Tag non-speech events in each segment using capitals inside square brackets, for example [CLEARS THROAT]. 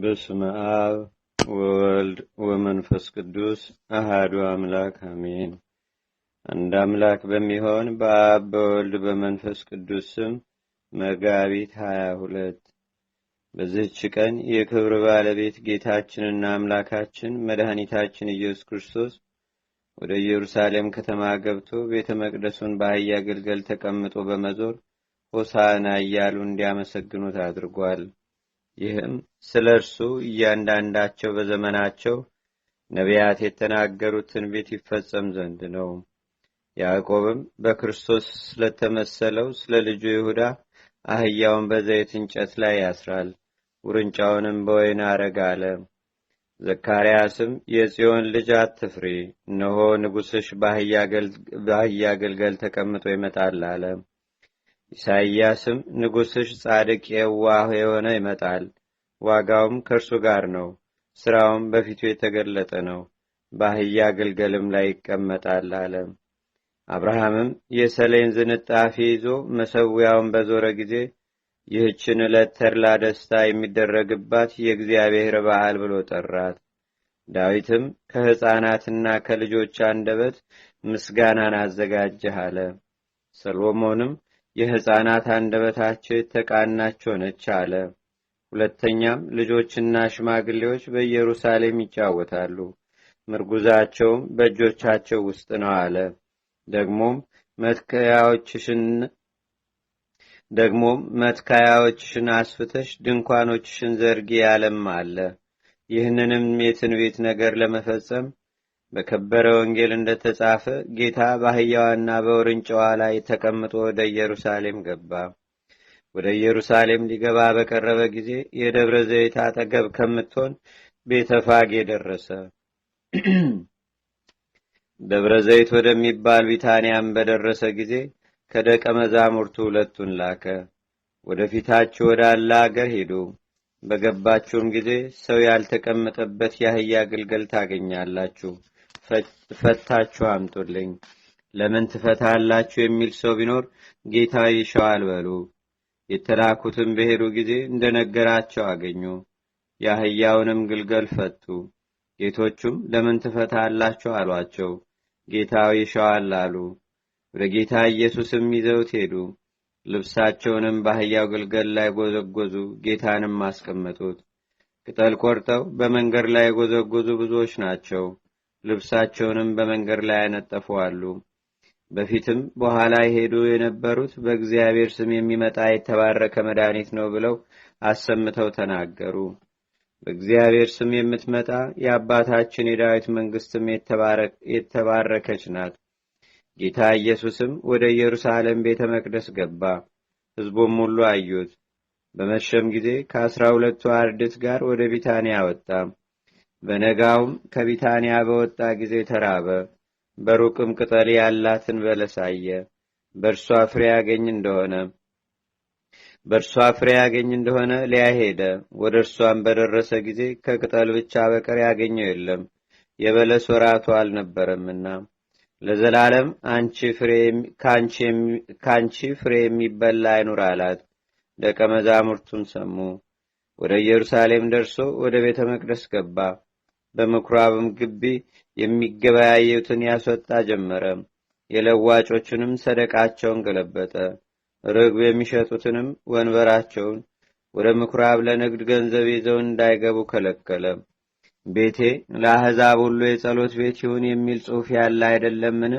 በስመ አብ ወወልድ ወመንፈስ ቅዱስ አህዱ አምላክ አሜን። አንድ አምላክ በሚሆን በአብ በወልድ በመንፈስ ቅዱስ ስም መጋቢት ሀያ ሁለት በዚህች ቀን የክብር ባለቤት ጌታችንና አምላካችን መድኃኒታችን ኢየሱስ ክርስቶስ ወደ ኢየሩሳሌም ከተማ ገብቶ ቤተ መቅደሱን በአህያ ግልገል ተቀምጦ በመዞር ሆሳና እያሉ እንዲያመሰግኑት አድርጓል። ይህም ስለ እርሱ እያንዳንዳቸው በዘመናቸው ነቢያት የተናገሩት ትንቢት ይፈጸም ዘንድ ነው። ያዕቆብም በክርስቶስ ስለተመሰለው ስለ ልጁ ይሁዳ አህያውን በዘይት እንጨት ላይ ያስራል፣ ውርንጫውንም በወይን አረግ አለ። ዘካርያስም የጽዮን ልጅ አትፍሪ፣ እነሆ ንጉሥሽ በአህያ አገልገል ተቀምጦ ይመጣል አለም ኢሳይያስም ንጉሥሽ ጻድቅ የዋህ የሆነ ይመጣል፣ ዋጋውም ከእርሱ ጋር ነው፣ ሥራውም በፊቱ የተገለጠ ነው፣ በአህያ ግልገልም ላይ ይቀመጣል አለ። አብርሃምም የሰሌን ዝንጣፊ ይዞ መሰዊያውን በዞረ ጊዜ ይህችን ዕለት ተድላ ደስታ የሚደረግባት የእግዚአብሔር በዓል ብሎ ጠራት። ዳዊትም ከሕፃናትና ከልጆች አንደበት ምስጋናን አዘጋጀህ አለ። ሰሎሞንም የሕፃናት አንደበታቸው የተቃናቸው ነች አለ። ሁለተኛም ልጆችና ሽማግሌዎች በኢየሩሳሌም ይጫወታሉ፣ ምርጉዛቸውም በእጆቻቸው ውስጥ ነው አለ። ደግሞም መትከያዎችሽን ደግሞም መትካያዎችሽን አስፍተሽ ድንኳኖችሽን ዘርጊ ያለም አለ። ይህንንም የትንቢት ነገር ለመፈጸም በከበረ ወንጌል እንደተጻፈ ጌታ በአህያዋና በወርንጫዋ ላይ ተቀምጦ ወደ ኢየሩሳሌም ገባ። ወደ ኢየሩሳሌም ሊገባ በቀረበ ጊዜ የደብረ ዘይት አጠገብ ከምትሆን ቤተፋጌ ደረሰ። [CLEARS THROAT] ደብረ ዘይት ወደሚባል ቢታንያም በደረሰ ጊዜ ከደቀ መዛሙርቱ ሁለቱን ላከ። ፊታችሁ ወዳለ አገር ሄዱ በገባችሁም ጊዜ ሰው ያልተቀመጠበት የአህያ ግልገል ታገኛላችሁ ፈታችሁ አምጡልኝ። ለምን ትፈታላችሁ የሚል ሰው ቢኖር ጌታ ይሸዋል በሉ። የተላኩትም በሄዱ ጊዜ እንደነገራቸው አገኙ። የአህያውንም ግልገል ፈቱ። ጌቶቹም ለምን ትፈታላችሁ አሏቸው። ጌታው ይሸዋል አሉ። ወደ ጌታ ኢየሱስም ይዘውት ሄዱ። ልብሳቸውንም በአህያው ግልገል ላይ ጎዘጎዙ፣ ጌታንም አስቀመጡት። ቅጠል ቆርጠው በመንገድ ላይ የጎዘጎዙ ብዙዎች ናቸው። ልብሳቸውንም በመንገድ ላይ ያነጠፉ አሉ። በፊትም በኋላ ይሄዱ የነበሩት በእግዚአብሔር ስም የሚመጣ የተባረከ መድኃኒት ነው ብለው አሰምተው ተናገሩ። በእግዚአብሔር ስም የምትመጣ የአባታችን የዳዊት መንግስትም የተባረከች ናት። ጌታ ኢየሱስም ወደ ኢየሩሳሌም ቤተ መቅደስ ገባ። ሕዝቡም ሁሉ አዩት። በመሸም ጊዜ ከአስራ ሁለቱ አርድት ጋር ወደ ቢታንያ ወጣ። በነጋውም ከቢታንያ በወጣ ጊዜ ተራበ። በሩቅም ቅጠል ያላትን በለስ አየ። በእርሷ ፍሬ ያገኝ እንደሆነ በእርሷ ፍሬ ያገኝ እንደሆነ ሊያ ሄደ። ወደ እርሷን በደረሰ ጊዜ ከቅጠል ብቻ በቀር ያገኘው የለም፣ የበለስ ወራቱ አልነበረምና። ለዘላለም ከአንቺ ፍሬ የሚበላ አይኑር አላት። ደቀ መዛሙርቱም ሰሙ። ወደ ኢየሩሳሌም ደርሶ ወደ ቤተ መቅደስ ገባ። በምኩራብም ግቢ የሚገበያዩትን ያስወጣ ጀመረ። የለዋጮችንም ሰደቃቸውን ገለበጠ። ርግብ የሚሸጡትንም ወንበራቸውን ወደ ምኩራብ ለንግድ ገንዘብ ይዘው እንዳይገቡ ከለከለ። ቤቴ ለአሕዛብ ሁሉ የጸሎት ቤት ይሁን የሚል ጽሑፍ ያለ አይደለምን?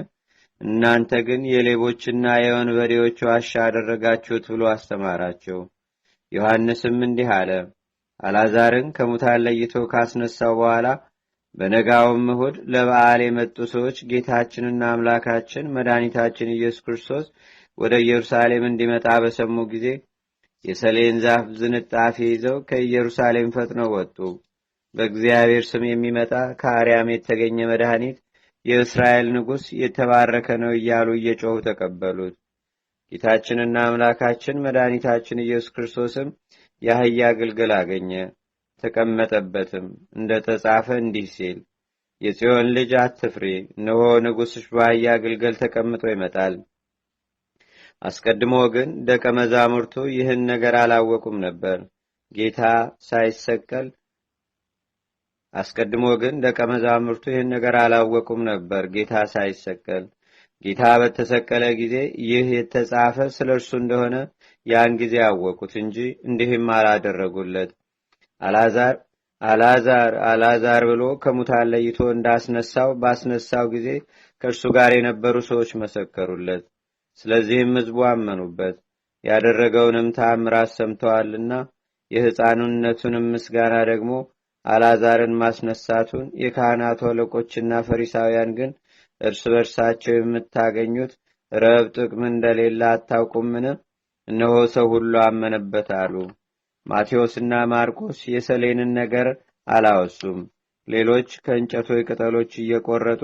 እናንተ ግን የሌቦችና የወንበዴዎች ዋሻ አደረጋችሁት ብሎ አስተማራቸው። ዮሐንስም እንዲህ አለ፣ አላዛርን ከሙታን ለይቶ ካስነሳው በኋላ በነጋውም እሁድ ለበዓል የመጡ ሰዎች ጌታችንና አምላካችን መድኃኒታችን ኢየሱስ ክርስቶስ ወደ ኢየሩሳሌም እንዲመጣ በሰሙ ጊዜ የሰሌን ዛፍ ዝንጣፊ ይዘው ከኢየሩሳሌም ፈጥነው ወጡ። በእግዚአብሔር ስም የሚመጣ ከአርያም የተገኘ መድኃኒት የእስራኤል ንጉሥ የተባረከ ነው እያሉ እየጮኹ ተቀበሉት። ጌታችንና አምላካችን መድኃኒታችን ኢየሱስ ክርስቶስም የአህያ ግልገል አገኘ፣ ተቀመጠበትም። እንደ ተጻፈ እንዲህ ሲል የጽዮን ልጅ አትፍሪ፣ እነሆ ንጉሥሽ በአህያ ግልገል ተቀምጦ ይመጣል። አስቀድሞ ግን ደቀ መዛሙርቱ ይህን ነገር አላወቁም ነበር። ጌታ ሳይሰቀል አስቀድሞ ግን ደቀ መዛሙርቱ ይህን ነገር አላወቁም ነበር፣ ጌታ ሳይሰቀል። ጌታ በተሰቀለ ጊዜ ይህ የተጻፈ ስለ እርሱ እንደሆነ ያን ጊዜ አወቁት እንጂ እንዲህም አላደረጉለት። አላዛር አላዛር አላዛር ብሎ ከሙታን ለይቶ እንዳስነሳው ባስነሳው ጊዜ ከእርሱ ጋር የነበሩ ሰዎች መሰከሩለት። ስለዚህም ህዝቡ አመኑበት። ያደረገውንም ተአምራት ሰምተዋልና የሕፃንነቱንም ምስጋና ደግሞ አላዛርን ማስነሳቱን የካህናቱ አለቆችና ፈሪሳውያን ግን እርስ በርሳቸው የምታገኙት ረብ ጥቅም እንደሌለ አታውቁምን? እነሆ ሰው ሁሉ አመነበት አሉ። ማቴዎስና ማርቆስ የሰሌንን ነገር አላወሱም። ሌሎች ከእንጨቶች ቅጠሎች እየቆረጡ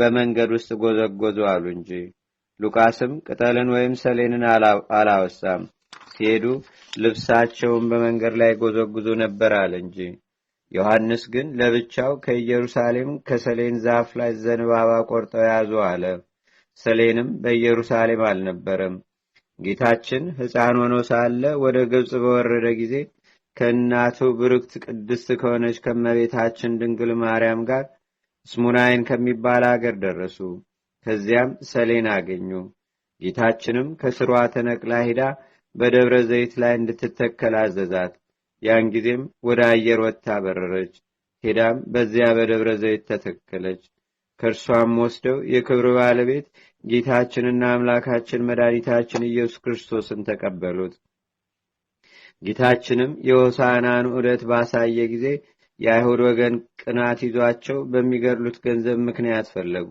በመንገድ ውስጥ ጎዘጎዙ አሉ እንጂ። ሉቃስም ቅጠልን ወይም ሰሌንን አላወሳም፣ ሲሄዱ ልብሳቸውን በመንገድ ላይ ጎዘጉዞ ነበር አለ እንጂ። ዮሐንስ ግን ለብቻው ከኢየሩሳሌም ከሰሌን ዛፍ ላይ ዘንባባ ቆርጠው ያዙ አለ። ሰሌንም በኢየሩሳሌም አልነበረም ጌታችን ሕፃን ሆኖ ሳለ ወደ ግብፅ በወረደ ጊዜ ከእናቱ ብርክት ቅድስት ከሆነች ከመቤታችን ድንግል ማርያም ጋር ስሙናይን ከሚባል አገር ደረሱ። ከዚያም ሰሌን አገኙ። ጌታችንም ከስሯ ተነቅላ ሂዳ በደብረ ዘይት ላይ እንድትተከል አዘዛት። ያን ጊዜም ወደ አየር ወጥታ በረረች። ሄዳም በዚያ በደብረ ዘይት ተተከለች። ከእርሷም ወስደው የክብር ባለቤት ጌታችንና አምላካችን መድኃኒታችን ኢየሱስ ክርስቶስን ተቀበሉት። ጌታችንም የሆሳናን ዑደት ባሳየ ጊዜ የአይሁድ ወገን ቅናት ይዟቸው በሚገድሉት ገንዘብ ምክንያት ፈለጉ።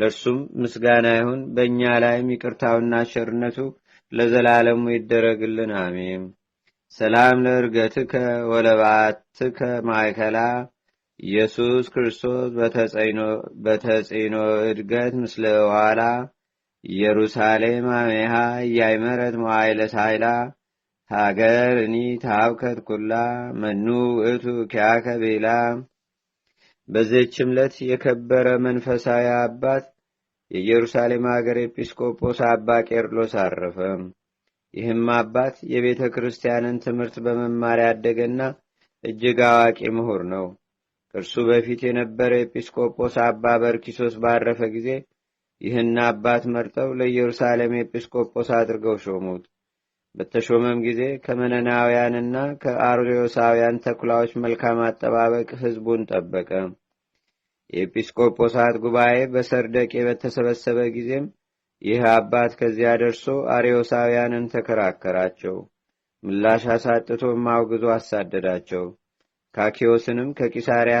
ለእርሱም ምስጋና ይሁን፣ በእኛ ላይም ይቅርታውና ሸርነቱ ለዘላለሙ ይደረግልን፣ አሜን። ሰላም ለእርገትከ ወለባትከ ማይከላ ኢየሱስ ክርስቶስ በተጽዕኖ እድገት ምስለ ኋላ ኢየሩሳሌም አሜሃ እያይመረት መዋይለ ሳይላ ሀገር እኒ ታብከት ኩላ መኑ እቱ ኪያከ ቤላ በዚህችም የከበረ መንፈሳዊ አባት የኢየሩሳሌም ሀገር ኤጲስቆጶስ አባ ቄርሎስ አረፈ። ይህም አባት የቤተ ክርስቲያንን ትምህርት በመማር ያደገና እጅግ አዋቂ ምሁር ነው። ከእርሱ በፊት የነበረ ኤጲስቆጶስ አባ በርኪሶስ ባረፈ ጊዜ ይህን አባት መርጠው ለኢየሩሳሌም ኤጲስቆጶስ አድርገው ሾሙት። በተሾመም ጊዜ ከመነናውያንና ከአርዮሳውያን ተኩላዎች መልካም አጠባበቅ ሕዝቡን ጠበቀ። የኤጲስቆጶሳት ጉባኤ በሰርደቄ በተሰበሰበ ጊዜም ይህ አባት ከዚያ ደርሶ አርዮሳውያንን ተከራከራቸው። ምላሽ አሳጥቶም አውግዞ አሳደዳቸው። ካኪዮስንም ከቂሳሪያ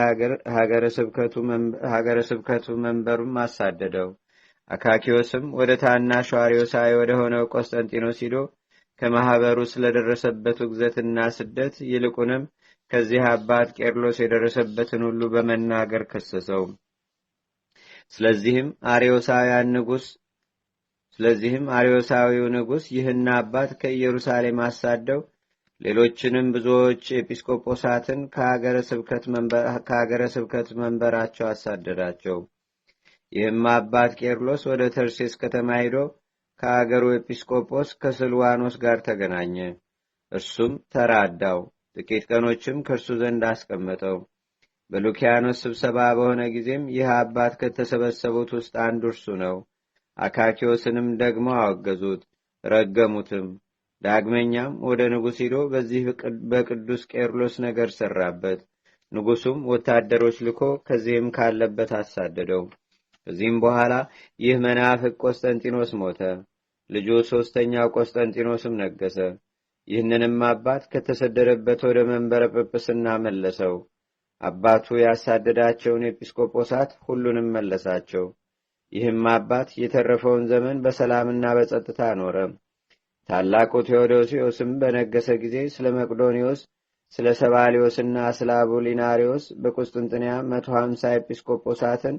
ሀገረ ስብከቱ መንበሩም አሳደደው። አካኪዮስም ወደ ታናሹ አርዮሳዊ ወደ ሆነው ቆስጠንጢኖስ ሂዶ ከማኅበሩ ስለደረሰበት ውግዘትና ስደት ይልቁንም ከዚህ አባት ቄርሎስ የደረሰበትን ሁሉ በመናገር ከሰሰው። ስለዚህም አርዮሳውያን ንጉሥ ስለዚህም ንጉሥ ይህን አባት ከኢየሩሳሌም አሳደው ሌሎችንም ብዙዎች ኤጲስቆጶሳትን ከሀገረ ስብከት መንበራቸው አሳደዳቸው። ይህም አባት ቄርሎስ ወደ ተርሴስ ከተማ ሂዶ ከአገሩ ኤጲስቆጶስ ከስልዋኖስ ጋር ተገናኘ። እርሱም ተራዳው፣ ጥቂት ቀኖችም ከእርሱ ዘንድ አስቀመጠው። በሉኪያኖስ ስብሰባ በሆነ ጊዜም ይህ አባት ከተሰበሰቡት ውስጥ አንዱ እርሱ ነው። አካኪዎስንም ደግሞ አወገዙት፣ ረገሙትም። ዳግመኛም ወደ ንጉሥ ሂዶ በዚህ በቅዱስ ቄርሎስ ነገር ሰራበት። ንጉሱም ወታደሮች ልኮ ከዚህም ካለበት አሳደደው። ከዚህም በኋላ ይህ መናፍቅ ቆስጠንጢኖስ ሞተ። ልጁ ሦስተኛው ቆስጠንጢኖስም ነገሰ። ይህንንም አባት ከተሰደደበት ወደ መንበረ ጵጵስና መለሰው። አባቱ ያሳደዳቸውን ኤጲስቆጶሳት ሁሉንም መለሳቸው። ይህም አባት የተረፈውን ዘመን በሰላምና በጸጥታ ኖረም። ታላቁ ቴዎዶሲዎስም በነገሰ ጊዜ ስለ መቅዶኒዎስ፣ ስለ ሰባሊዮስና ስለ አቡሊናሪዎስ በቁስጥንጥንያ መቶ ሀምሳ ኤጲስቆጶሳትን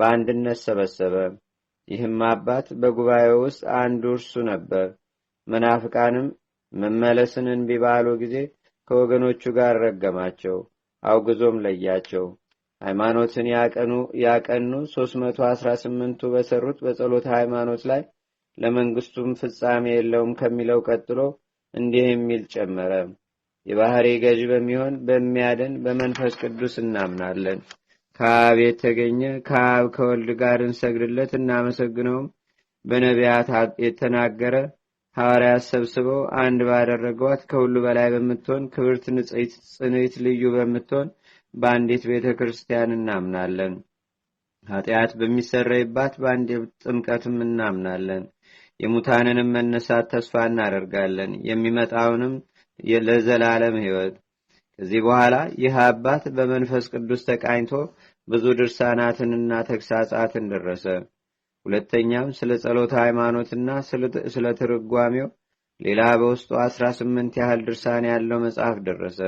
በአንድነት ሰበሰበ። ይህም አባት በጉባኤው ውስጥ አንዱ እርሱ ነበር። መናፍቃንም መመለስን እንቢ ባሉ ጊዜ ከወገኖቹ ጋር ረገማቸው፣ አውግዞም ለያቸው። ሃይማኖትን ያቀኑ ሶስት መቶ አስራ ስምንቱ በሰሩት በጸሎት ሃይማኖት ላይ ለመንግስቱም ፍጻሜ የለውም ከሚለው ቀጥሎ እንዲህ የሚል ጨመረ። የባህሪ ገዥ በሚሆን በሚያድን በመንፈስ ቅዱስ እናምናለን። ከአብ የተገኘ ከአብ ከወልድ ጋር እንሰግድለት እናመሰግነውም። በነቢያት የተናገረ ሐዋርያት ሰብስበው አንድ ባደረገዋት ከሁሉ በላይ በምትሆን ክብርት ንጽሕት ጽንት ልዩ በምትሆን በአንዲት ቤተ ክርስቲያን እናምናለን። ኃጢአት በሚሰረይባት በአንድ ጥምቀትም እናምናለን። የሙታንንም መነሳት ተስፋ እናደርጋለን። የሚመጣውንም ለዘላለም ሕይወት። ከዚህ በኋላ ይህ አባት በመንፈስ ቅዱስ ተቃኝቶ ብዙ ድርሳናትንና ተግሳጻትን ደረሰ። ሁለተኛም ስለ ጸሎተ ሃይማኖትና ስለ ትርጓሜው ሌላ በውስጡ አስራ ስምንት ያህል ድርሳን ያለው መጽሐፍ ደረሰ።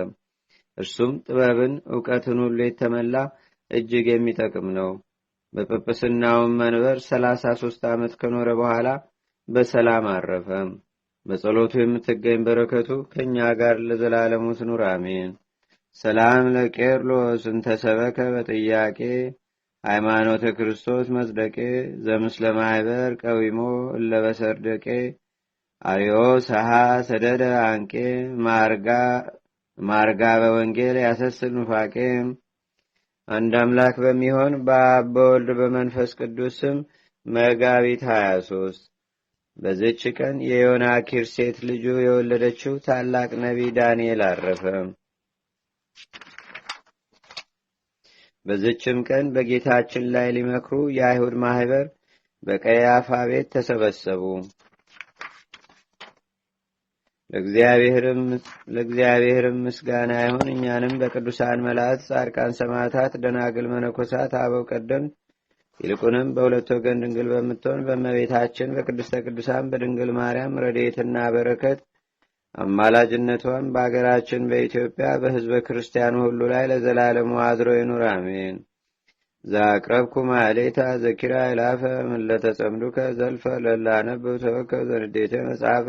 እርሱም ጥበብን እውቀትን ሁሉ የተመላ እጅግ የሚጠቅም ነው። በጵጵስናውም መንበር ሰላሳ ሶስት ዓመት ከኖረ በኋላ በሰላም አረፈ። በጸሎቱ የምትገኝ በረከቱ ከእኛ ጋር ለዘላለሙ ትኑር አሜን። ሰላም ለቄርሎስ እንተሰበከ በጥያቄ ሃይማኖተ ክርስቶስ መጽደቄ ዘምስለ ማኅበር ቀዊሞ እለበሰርደቄ አዮ ሰሃ ሰደደ አንቄ ማርጋ በወንጌል ያሰስል ኑፋቄ አንድ አምላክ በሚሆን በአብ በወልድ በመንፈስ ቅዱስ ስም መጋቢት 23 በዝች ቀን የዮናኪር ሴት ልጁ የወለደችው ታላቅ ነቢ ዳንኤል አረፈ። በዝችም ቀን በጌታችን ላይ ሊመክሩ የአይሁድ ማህበር በቀያፋ ቤት ተሰበሰቡ። ለእግዚአብሔርም ምስጋና ይሁን እኛንም በቅዱሳን መላእክት፣ ጻድቃን፣ ሰማዕታት፣ ደናግል፣ መነኮሳት፣ አበው ቀደም ይልቁንም በሁለት ወገን ድንግል በምትሆን በመቤታችን በቅድስተ ቅዱሳን በድንግል ማርያም ረዴትና በረከት አማላጅነቷን በአገራችን በኢትዮጵያ በህዝበ ክርስቲያኑ ሁሉ ላይ ለዘላለሙ አድሮ ይኑር፣ አሜን። ዛቅረብኩ ማሌታ ዘኪራ ይላፈ ምለተጸምዱከ ዘልፈ ለላነብብ ተወከብ ዘንዴቴ መጽሐፈ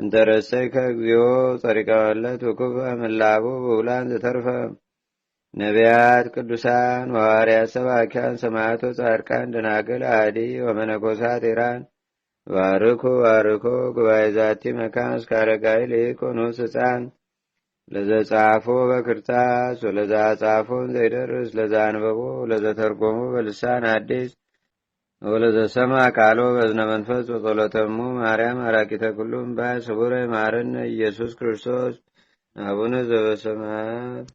እንተ ረሰይከ እግዚኦ ጸሪቀወለት ብኩበ ምላቡ ብውላን ዘተርፈ ነቢያት፣ ቅዱሳን፣ ሐዋርያት፣ ሰባኪያን፣ ሰማያቶ ጻድቃን፣ ደናገል አህዲ ወመነኮሳት ኢራን ባርኩ ባርኮ ጉባኤ ዛቲ መካን እስከ አረጋዊ ልኢኮኑ ህፃን ለዘጻፎ በክርታስ ወለዛ ጻፎን ዘይደርስ ለዛ አንበቦ ለዘተርጎሞ በልሳን አዲስ ወለዘ ሰማ ቃሎ በዝነ መንፈስ ወጸሎተሙ ማርያም አራቂተ ኩሉም ባይ ስቡረ ይማረነ ኢየሱስ ክርስቶስ አቡነ ዘበሰማያት